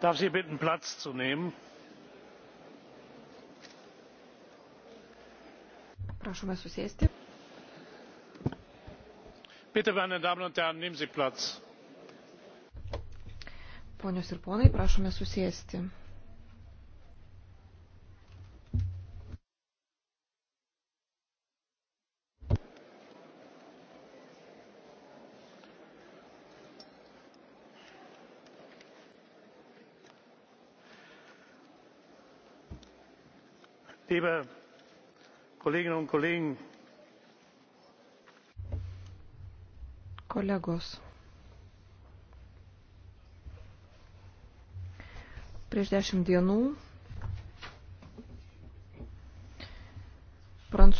darf ich sie bitten platz zu nehmen? bitte meine damen und herren nehmen sie platz. ponios ir ponai prašome susėsti. liebe kolleginnen und kollegen! kolegos prieš dešimt dienų prancūzijos